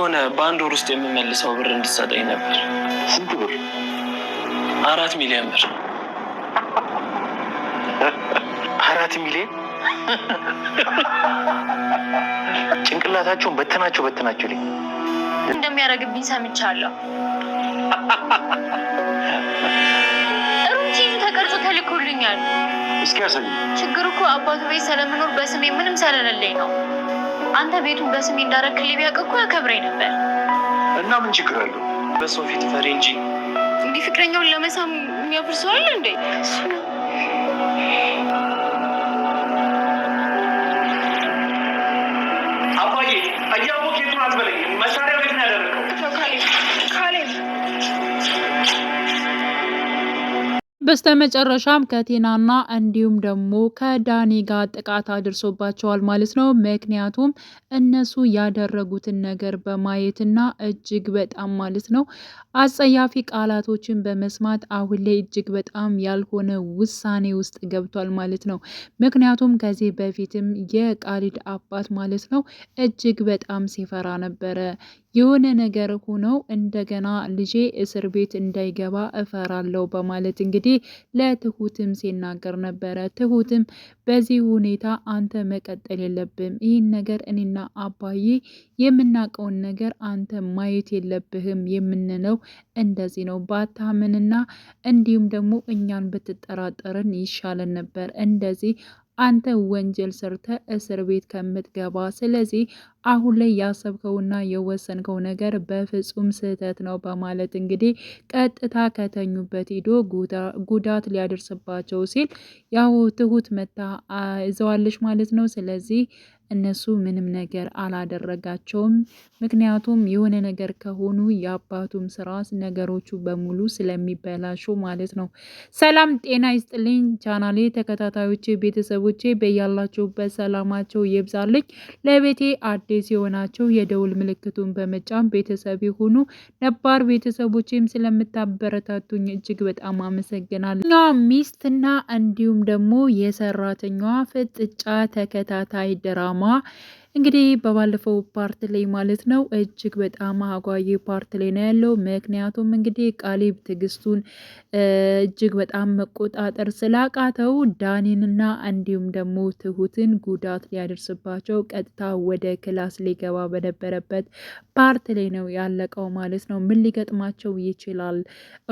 የሆነ በአንድ ወር ውስጥ የምመልሰው ብር እንድትሰጠኝ ነበር። ስንት ብር? አራት ሚሊዮን ብር። አራት ሚሊዮን ጭንቅላታቸውን በትናቸው በትናቸው ላይ እንደሚያደርግብኝ ሰምቻለሁ። ሩቺን ተቀርጾ ተልኮልኛል። እስኪ ያሳይ። ችግር እኮ አባቱ ቤት ስለምኖር በስሜ ምንም ሰለለለኝ ነው አንተ ቤቱን በስሜ እንዳረክልኝ ቢያውቅ እኮ ያከብረኝ ነበር። እና ምን ችግር አለው? በሰው ፊት ፈሪ እንጂ እንዲህ ፍቅረኛውን ለመሳም የሚያብርሰዋል እንዴ? አባዬ አያቦ ኬቱን አትበለኝ። መሳሪያ ቤት ነው ያደረገው። በስተመጨረሻም ከቴናና እንዲሁም ደግሞ ከዳኒ ጋር ጥቃት አድርሶባቸዋል ማለት ነው። ምክንያቱም እነሱ ያደረጉትን ነገር በማየትና እጅግ በጣም ማለት ነው አጸያፊ ቃላቶችን በመስማት አሁን ላይ እጅግ በጣም ያልሆነ ውሳኔ ውስጥ ገብቷል ማለት ነው። ምክንያቱም ከዚህ በፊትም የቃሊድ አባት ማለት ነው እጅግ በጣም ሲፈራ ነበረ የሆነ ነገር ሆነው እንደገና ልጄ እስር ቤት እንዳይገባ እፈራለሁ በማለት እንግዲህ ለትሁትም ሲናገር ነበረ። ትሁትም በዚህ ሁኔታ አንተ መቀጠል የለብህም፣ ይህን ነገር እኔና አባዬ የምናውቀውን ነገር አንተ ማየት የለብህም የምንለው እንደዚህ ነው። ባታምንና እንዲሁም ደግሞ እኛን ብትጠራጠርን ይሻለን ነበር እንደዚህ አንተ ወንጀል ሰርተ እስር ቤት ከምትገባ። ስለዚህ አሁን ላይ ያሰብከውና የወሰንከው ነገር በፍጹም ስህተት ነው በማለት እንግዲህ ቀጥታ ከተኙበት ሂዶ ጉዳት ሊያደርስባቸው ሲል ያው ትሁት መታ ይዘዋለች ማለት ነው። ስለዚህ እነሱ ምንም ነገር አላደረጋቸውም። ምክንያቱም የሆነ ነገር ከሆኑ የአባቱም ስራ ነገሮቹ በሙሉ ስለሚበላሹ ማለት ነው። ሰላም ጤና ይስጥልኝ ቻናሌ ተከታታዮቼ ቤተሰቦቼ በያላችሁበት ሰላማቸው ይብዛልኝ። ለቤቴ አዲስ የሆናቸው የደውል ምልክቱን በመጫን ቤተሰብ የሆኑ ነባር ቤተሰቦቼም ስለምታበረታቱኝ እጅግ በጣም አመሰግናለሁ። ሚስትና እንዲሁም ደግሞ የሰራተኛዋ ፍጥጫ ተከታታይ ድራማ ama እንግዲህ በባለፈው ፓርት ላይ ማለት ነው እጅግ በጣም አጓጊ ፓርት ላይ ነው ያለው። ምክንያቱም እንግዲህ ቃሊብ ትዕግስቱን እጅግ በጣም መቆጣጠር ስላቃተው ዳኒንና እንዲሁም ደግሞ ትሁትን ጉዳት ሊያደርስባቸው ቀጥታ ወደ ክላስ ሊገባ በነበረበት ፓርት ላይ ነው ያለቀው ማለት ነው። ምን ሊገጥማቸው ይችላል?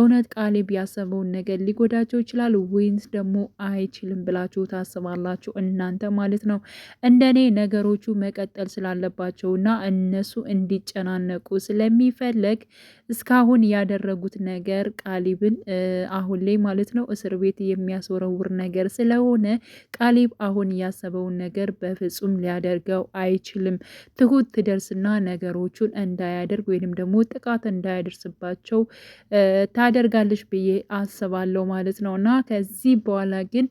እውነት ቃሊብ ያሰበውን ነገር ሊጎዳቸው ይችላል ወይንስ ደግሞ አይችልም ብላችሁ ታስባላችሁ እናንተ ማለት ነው? እንደኔ ነገሮቹ መቀጠል ስላለባቸው እና እነሱ እንዲጨናነቁ ስለሚፈለግ እስካሁን ያደረጉት ነገር ቃሊብን አሁን ላይ ማለት ነው እስር ቤት የሚያስወረውር ነገር ስለሆነ ቃሊብ አሁን ያሰበውን ነገር በፍጹም ሊያደርገው አይችልም። ትሁት ትደርስና ነገሮቹን እንዳያደርግ ወይንም ደግሞ ጥቃት እንዳያደርስባቸው ታደርጋለች ብዬ አስባለሁ ማለት ነው እና ከዚህ በኋላ ግን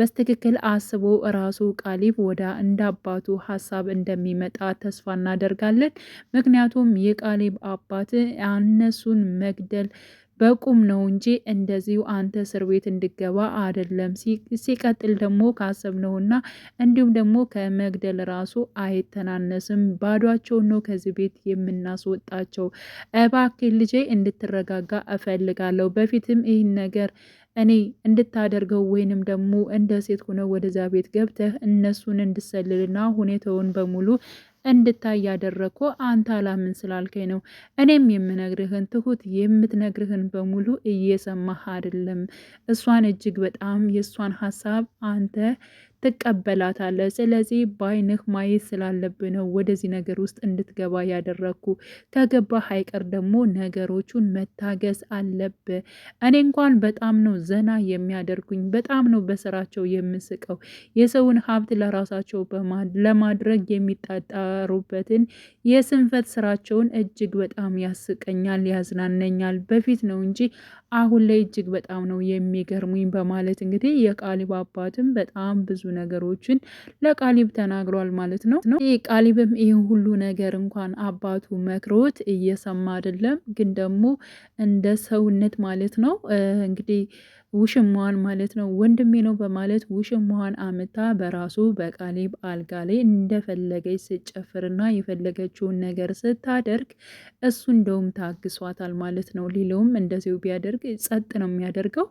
በስትክክል አስቦ ራሱ ቃሊብ ወደ እንዳባቱ ሀሳብ እንደሚመጣ ተስፋ እናደርጋለን። ምክንያቱም የቃሊብ አባት እነሱን መግደል በቁም ነው እንጂ እንደዚሁ አንተ እስር ቤት እንድገባ አይደለም። ሲቀጥል ደግሞ ካሰብነውና እንዲሁም ደግሞ ከመግደል ራሱ አይተናነስም። ባዷቸውን ነው ከዚህ ቤት የምናስወጣቸው። እባክህ ልጄ እንድትረጋጋ እፈልጋለሁ። በፊትም ይህን ነገር እኔ እንድታደርገው ወይንም ደግሞ እንደ ሴት ሆነ ወደዛ ቤት ገብተህ እነሱን እንድሰልልና ሁኔታውን በሙሉ እንድታይ ያደረግኮ አንተ አላምን ስላልከኝ ነው። እኔም የምነግርህን ትሁት የምትነግርህን በሙሉ እየሰማህ አይደለም። እሷን እጅግ በጣም የእሷን ሀሳብ አንተ ትቀበላታለህ። ስለዚህ በአይንህ ማየት ስላለብህ ነው ወደዚህ ነገር ውስጥ እንድትገባ ያደረግኩ። ከገባህ አይቀር ደግሞ ነገሮቹን መታገስ አለብህ። እኔ እንኳን በጣም ነው ዘና የሚያደርጉኝ በጣም ነው በስራቸው የምስቀው የሰውን ሀብት ለራሳቸው ለማድረግ የሚጣጣሩበትን የስንፈት ስራቸውን እጅግ በጣም ያስቀኛል ያዝናነኛል። በፊት ነው እንጂ አሁን ላይ እጅግ በጣም ነው የሚገርሙኝ በማለት እንግዲህ የቃሊብ አባትም በጣም ብዙ ነገሮችን ለቃሊብ ተናግሯል ማለት ነው። ቃሊብም ይህን ሁሉ ነገር እንኳን አባቱ መክሮት እየሰማ አይደለም፣ ግን ደግሞ እንደ ሰውነት ማለት ነው እንግዲህ ውሽሟን ማለት ነው ወንድሜ ነው በማለት ውሽሟን አምታ በራሱ በቃሌብ አልጋ ላይ እንደፈለገች ስትጨፍርና የፈለገችውን ነገር ስታደርግ እሱ እንደውም ታግሷታል ማለት ነው። ሌላውም እንደዚሁ ቢያደርግ ጸጥ ነው የሚያደርገው።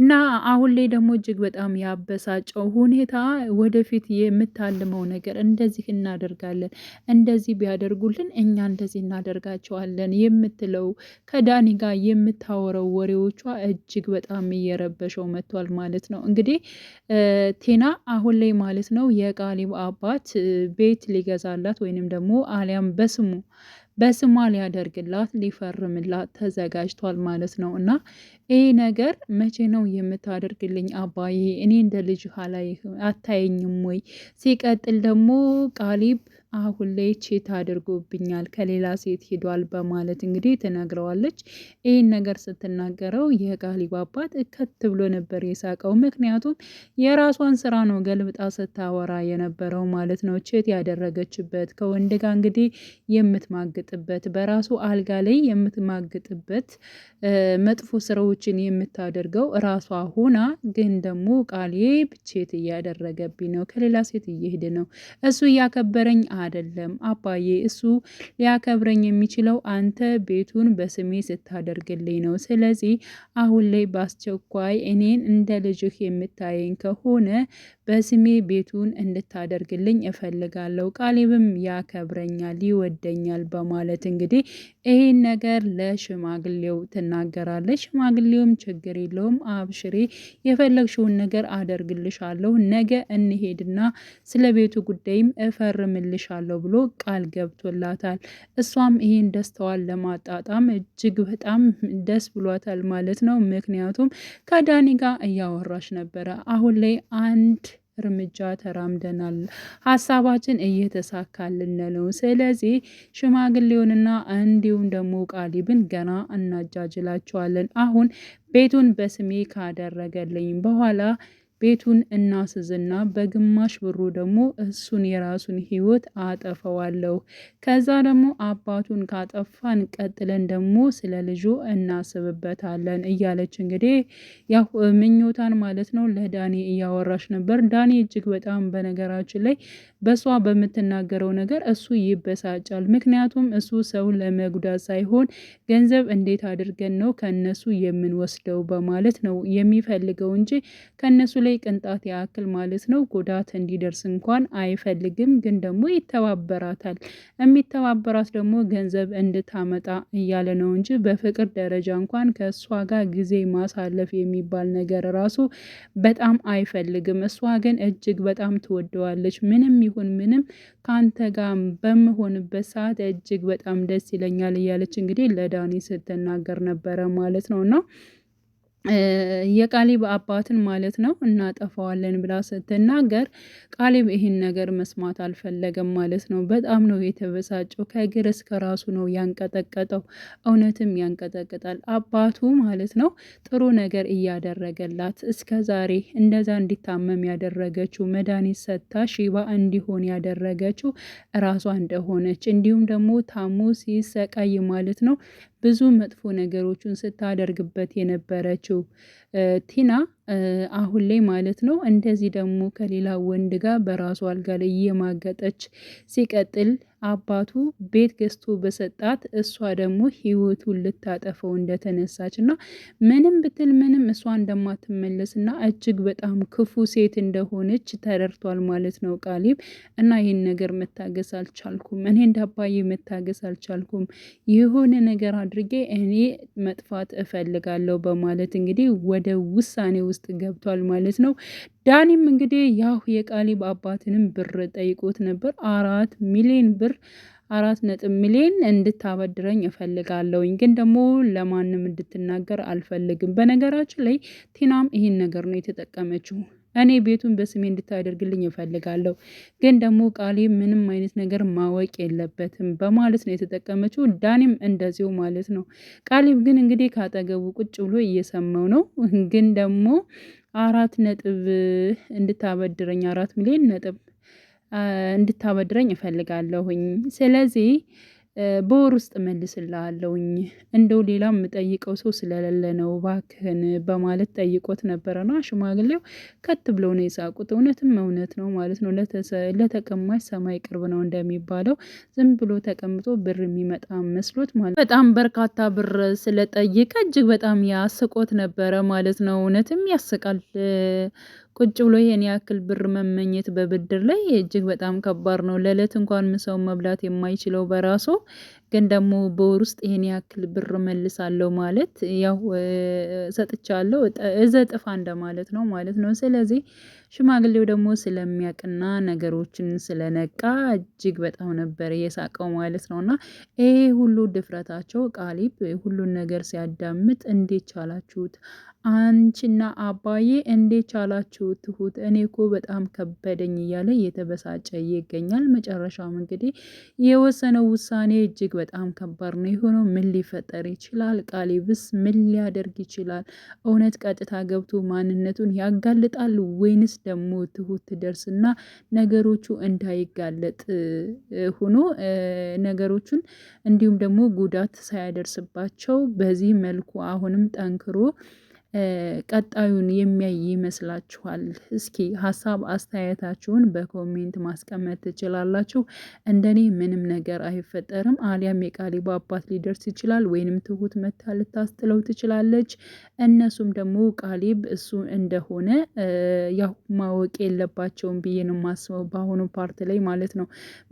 እና አሁን ላይ ደግሞ እጅግ በጣም ያበሳጨው ሁኔታ ወደፊት የምታልመው ነገር እንደዚህ እናደርጋለን፣ እንደዚህ ቢያደርጉልን እኛ እንደዚህ እናደርጋቸዋለን የምትለው ከዳኒ ጋር የምታወረው ወሬዎቿ እጅግ በጣም እየረበሸው መጥቷል ማለት ነው። እንግዲህ ቴና አሁን ላይ ማለት ነው የቃሊብ አባት ቤት ሊገዛላት ወይንም ደግሞ አሊያም በስሙ በስሟ ሊያደርግላት ሊፈርምላት ተዘጋጅቷል ማለት ነው። እና ይህ ነገር መቼ ነው የምታደርግልኝ አባዬ? እኔ እንደ ልጅ አታየኝም ወይ? ሲቀጥል ደግሞ ቃሊብ አሁን ላይ ቼት አድርጎብኛል ከሌላ ሴት ሂዷል በማለት እንግዲህ ትነግረዋለች። ይህን ነገር ስትናገረው የቃሊብ አባት እከት ብሎ ነበር የሳቀው። ምክንያቱም የራሷን ስራ ነው ገልብጣ ስታወራ የነበረው ማለት ነው። ቼት ያደረገችበት ከወንድ ጋር እንግዲህ የምትማግጥበት በራሱ አልጋ ላይ የምትማግጥበት መጥፎ ስራዎችን የምታደርገው ራሷ ሆና ግን ደግሞ ቃሌ ብቼት እያደረገብኝ ነው ከሌላ ሴት እየሄደ ነው እሱ እያከበረኝ አይደለም አባዬ። እሱ ሊያከብረኝ የሚችለው አንተ ቤቱን በስሜ ስታደርግልኝ ነው። ስለዚህ አሁን ላይ በአስቸኳይ እኔን እንደ ልጅህ የምታየኝ ከሆነ በስሜ ቤቱን እንድታደርግልኝ እፈልጋለሁ። ቃሌብም ያከብረኛል፣ ይወደኛል በማለት እንግዲህ ይህን ነገር ለሽማግሌው ትናገራለች። ሽማግሌውም ችግር የለውም አብሽሬ፣ የፈለግሽውን ነገር አደርግልሻለሁ። ነገ እንሄድና ስለ ቤቱ ጉዳይም እፈርምልሽ እወድሻለሁ ብሎ ቃል ገብቶላታል። እሷም ይህን ደስታዋን ለማጣጣም እጅግ በጣም ደስ ብሏታል ማለት ነው። ምክንያቱም ከዳኒ ጋር እያወራች ነበረ። አሁን ላይ አንድ እርምጃ ተራምደናል፣ ሀሳባችን እየተሳካልን ነው። ስለዚህ ሽማግሌውንና እንዲሁም ደግሞ ቃሊብን ገና እናጃጅላቸዋለን። አሁን ቤቱን በስሜ ካደረገልኝ በኋላ ቤቱን እናስዝና በግማሽ ብሩ ደግሞ እሱን የራሱን ህይወት አጠፈዋለሁ። ከዛ ደግሞ አባቱን ካጠፋን ቀጥለን ደግሞ ስለ ልጁ እናስብበታለን እያለች እንግዲህ ያው ምኞታን ማለት ነው ለዳኒ እያወራች ነበር። ዳኒ እጅግ በጣም በነገራችን ላይ በሷ በምትናገረው ነገር እሱ ይበሳጫል። ምክንያቱም እሱ ሰው ለመጉዳት ሳይሆን ገንዘብ እንዴት አድርገን ነው ከነሱ የምንወስደው በማለት ነው የሚፈልገው እንጂ ከነሱ ላይ ቅንጣት ያክል ማለት ነው ጉዳት እንዲደርስ እንኳን አይፈልግም። ግን ደግሞ ይተባበራታል። የሚተባበራት ደግሞ ገንዘብ እንድታመጣ እያለ ነው እንጂ በፍቅር ደረጃ እንኳን ከእሷ ጋር ጊዜ ማሳለፍ የሚባል ነገር ራሱ በጣም አይፈልግም። እሷ ግን እጅግ በጣም ትወደዋለች። ምንም ይሁን ምንም ከአንተ ጋር በምሆንበት ሰዓት እጅግ በጣም ደስ ይለኛል እያለች እንግዲህ ለዳኒ ስትናገር ነበረ ማለት ነው እና የቃሊብ አባትን ማለት ነው እናጠፋዋለን ብላ ስትናገር ቃሊብ ይህን ነገር መስማት አልፈለገም ማለት ነው። በጣም ነው የተበሳጨው። ከእግር እስከ ራሱ ነው ያንቀጠቀጠው። እውነትም ያንቀጠቅጣል። አባቱ ማለት ነው ጥሩ ነገር እያደረገላት እስከ ዛሬ እንደዛ እንዲታመም ያደረገችው መድኃኒት ሰጥታ ሽባ እንዲሆን ያደረገችው ራሷ እንደሆነች እንዲሁም ደግሞ ታሙ ሲሰቃይ ማለት ነው ብዙ መጥፎ ነገሮችን ስታደርግበት የነበረችው ቲና አሁን ላይ ማለት ነው እንደዚህ ደግሞ ከሌላ ወንድ ጋር በራሱ አልጋ ላይ እየማገጠች ሲቀጥል አባቱ ቤት ገዝቶ በሰጣት እሷ ደግሞ ህይወቱን ልታጠፈው እንደተነሳች እና ምንም ብትል ምንም እሷ እንደማትመለስ እና እጅግ በጣም ክፉ ሴት እንደሆነች ተረድቷል ማለት ነው ቃሊብ። እና ይህን ነገር መታገስ አልቻልኩም፣ እኔ እንዳባዬ መታገስ አልቻልኩም፣ የሆነ ነገር አድርጌ እኔ መጥፋት እፈልጋለሁ በማለት እንግዲህ ወደ ውሳኔ ውስጥ ገብቷል ማለት ነው። ዳኒም እንግዲህ ያው የቃሊብ አባትንም ብር ጠይቆት ነበር። አራት ሚሊዮን ብር አራት ነጥብ ሚሊዮን እንድታበድረኝ እፈልጋለሁኝ ግን ደግሞ ለማንም እንድትናገር አልፈልግም። በነገራችን ላይ ቲናም ይህን ነገር ነው የተጠቀመችው። እኔ ቤቱን በስሜ እንድታደርግልኝ እፈልጋለሁ፣ ግን ደግሞ ቃሊ ምንም አይነት ነገር ማወቅ የለበትም በማለት ነው የተጠቀመችው። ዳኒም እንደዚሁ ማለት ነው። ቃሊብ ግን እንግዲህ ካጠገቡ ቁጭ ብሎ እየሰማው ነው ግን ደግሞ አራት ነጥብ እንድታበድረኝ አራት ሚሊዮን ነጥብ እንድታበድረኝ እፈልጋለሁኝ። ስለዚህ በወር ውስጥ እመልስልሃለሁኝ እንደው ሌላም የምጠይቀው ሰው ስለሌለ ነው እባክህን በማለት ጠይቆት ነበረ ነው ሽማግሌው ከት ብለው ነው የሳቁት። እውነትም እውነት ነው ማለት ነው። ለተቀማሽ ሰማይ ቅርብ ነው እንደሚባለው ዝም ብሎ ተቀምጦ ብር የሚመጣ መስሎት ማለት በጣም በርካታ ብር ስለጠየቀ እጅግ በጣም ያስቆት ነበረ ማለት ነው። እውነትም ያስቃል። ቁጭ ብሎ ይሄን ያክል ብር መመኘት በብድር ላይ እጅግ በጣም ከባድ ነው። ለዕለት እንኳን ምሳውን መብላት የማይችለው በራሱ ግን ደግሞ በወር ውስጥ ይሄን ያክል ብር መልሳለው ማለት ያው ሰጥቻለሁ እዘጥፋ እንደማለት ነው ማለት ነው። ስለዚህ ሽማግሌው ደግሞ ስለሚያቅና ነገሮችን ስለነቃ እጅግ በጣም ነበር የሳቀው ማለት ነው። እና ይሄ ሁሉ ድፍረታቸው ቃሊብ ሁሉን ነገር ሲያዳምጥ እንዴት ቻላችሁት? አንቺና አባዬ እንዴት ቻላችሁት? ትሁት እኔ እኮ በጣም ከበደኝ እያለ እየተበሳጨ ይገኛል። መጨረሻም እንግዲህ የወሰነው ውሳኔ እጅግ በጣም ከባድ ነው የሆነው። ምን ሊፈጠር ይችላል? ቃሊብስ ምን ሊያደርግ ይችላል? እውነት ቀጥታ ገብቶ ማንነቱን ያጋልጣል ወይንስ ደግሞ ትሁት ትደርስና ነገሮቹ እንዳይጋለጥ ሆኖ ነገሮቹን እንዲሁም ደግሞ ጉዳት ሳያደርስባቸው በዚህ መልኩ አሁንም ጠንክሮ ቀጣዩን የሚያይ ይመስላችኋል? እስኪ ሀሳብ አስተያየታችሁን በኮሜንት ማስቀመጥ ትችላላችሁ። እንደኔ ምንም ነገር አይፈጠርም። አሊያም የቃሊብ አባት ሊደርስ ይችላል ወይንም ትሁት መታ ልታስጥለው ትችላለች። እነሱም ደግሞ ቃሊብ እሱ እንደሆነ ያው ማወቅ የለባቸውም ብዬ ነው የማስበው በአሁኑ ፓርት ላይ ማለት ነው።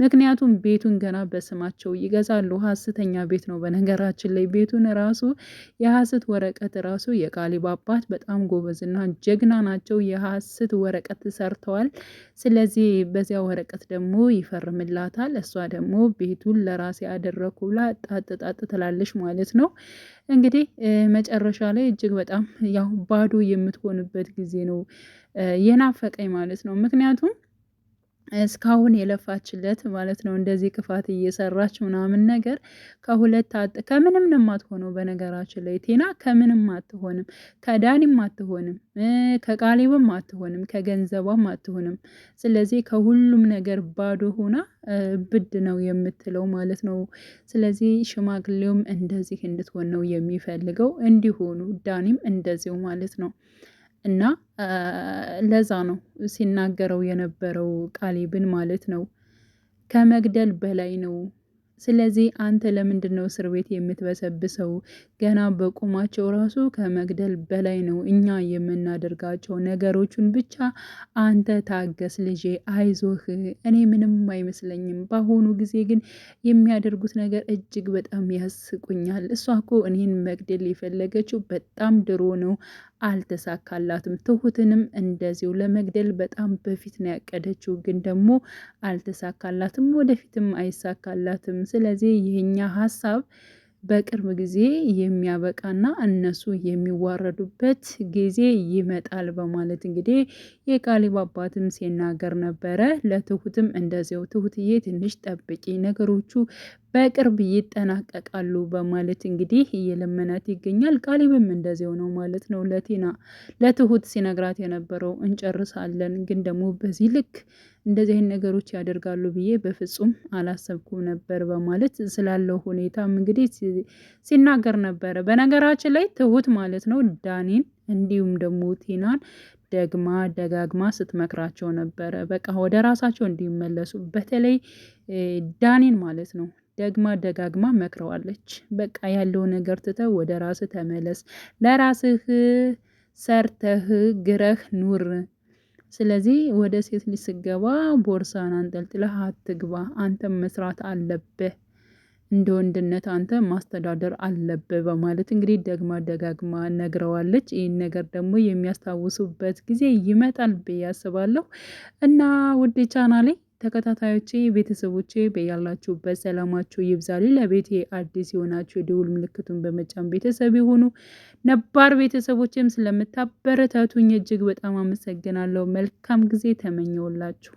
ምክንያቱም ቤቱን ገና በስማቸው ይገዛሉ። ሀስተኛ ቤት ነው በነገራችን ላይ ቤቱን ራሱ የሀሰት ወረቀት ራሱ የቃሊብ አባት በጣም ጎበዝና ጀግና ናቸው። የሀስት ወረቀት ሰርተዋል። ስለዚህ በዚያ ወረቀት ደግሞ ይፈርምላታል። እሷ ደግሞ ቤቱን ለራሴ አደረኩ ብላ ጣጥ ጣጥ ትላለች ማለት ነው። እንግዲህ መጨረሻ ላይ እጅግ በጣም ያው ባዶ የምትሆንበት ጊዜ ነው የናፈቀኝ ማለት ነው ምክንያቱም እስካሁን የለፋችለት ማለት ነው። እንደዚህ ክፋት እየሰራች ምናምን ነገር ከሁለት አጥ ከምንም የማትሆነው። በነገራችን ላይ ቴና ከምንም አትሆንም፣ ከዳኒም አትሆንም፣ ከቃሊብም አትሆንም፣ ከገንዘቧም አትሆንም። ስለዚህ ከሁሉም ነገር ባዶ ሆና ብድ ነው የምትለው ማለት ነው። ስለዚህ ሽማግሌውም እንደዚህ እንድትሆን ነው የሚፈልገው፣ እንዲሆኑ ዳኒም እንደዚው ማለት ነው። እና ለዛ ነው ሲናገረው የነበረው ቃሌብን ማለት ነው ከመግደል በላይ ነው። ስለዚህ አንተ ለምንድን ነው እስር ቤት የምትበሰብሰው? ገና በቁማቸው ራሱ ከመግደል በላይ ነው እኛ የምናደርጋቸው ነገሮቹን። ብቻ አንተ ታገስ ልጄ፣ አይዞህ፣ እኔ ምንም አይመስለኝም። በአሁኑ ጊዜ ግን የሚያደርጉት ነገር እጅግ በጣም ያስቁኛል። እሷ እኮ እኔን መግደል የፈለገችው በጣም ድሮ ነው። አልተሳካላትም። ትሁትንም እንደዚሁ ለመግደል በጣም በፊት ነው ያቀደችው፣ ግን ደግሞ አልተሳካላትም፣ ወደፊትም አይሳካላትም። ስለዚህ ይህኛ ሀሳብ በቅርብ ጊዜ የሚያበቃና እነሱ የሚዋረዱበት ጊዜ ይመጣል በማለት እንግዲህ የቃሊብ አባትም ሲናገር ነበረ። ለትሁትም እንደዚያው ትሁትዬ ትንሽ ጠብቂ፣ ነገሮቹ በቅርብ ይጠናቀቃሉ በማለት እንግዲህ እየለመናት ይገኛል። ቃሊብም እንደዚያው ነው ማለት ነው። ለቴና ለትሁት ሲነግራት የነበረው እንጨርሳለን፣ ግን ደግሞ በዚህ ልክ እንደዚህ አይነት ነገሮች ያደርጋሉ ብዬ በፍጹም አላሰብኩም ነበር በማለት ስላለው ሁኔታም እንግዲህ ሲናገር ነበረ። በነገራችን ላይ ትሁት ማለት ነው ዳኒን እንዲሁም ደግሞ ቲናን ደግማ ደጋግማ ስትመክራቸው ነበረ። በቃ ወደ ራሳቸው እንዲመለሱ በተለይ ዳኒን ማለት ነው ደግማ ደጋግማ መክረዋለች። በቃ ያለው ነገር ትተህ ወደ ራስህ ተመለስ፣ ለራስህ ሰርተህ ግረህ ኑር ስለዚህ ወደ ሴት ልጅ ስገባ ቦርሳን አንጠልጥለህ አትግባ። አንተ መስራት አለብህ እንደ ወንድነት አንተ ማስተዳደር አለብህ በማለት እንግዲህ ደግማ ደጋግማ ነግረዋለች። ይህን ነገር ደግሞ የሚያስታውሱበት ጊዜ ይመጣል ብዬ አስባለሁ። እና ውድ ቻናሌ ተከታታዮቼ ቤተሰቦቼ በያላችሁበት ሰላማችሁ ይብዛል። ለቤቴ አዲስ የሆናችሁ የደውል ምልክቱን በመጫን ቤተሰብ የሆኑ ነባር ቤተሰቦችም ስለምታበረታቱኝ እጅግ በጣም አመሰግናለሁ። መልካም ጊዜ ተመኘውላችሁ።